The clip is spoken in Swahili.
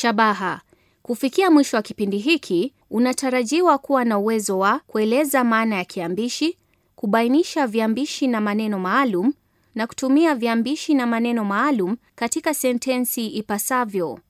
Shabaha: kufikia mwisho wa kipindi hiki, unatarajiwa kuwa na uwezo wa kueleza maana ya kiambishi, kubainisha viambishi na maneno maalum, na kutumia viambishi na maneno maalum katika sentensi ipasavyo.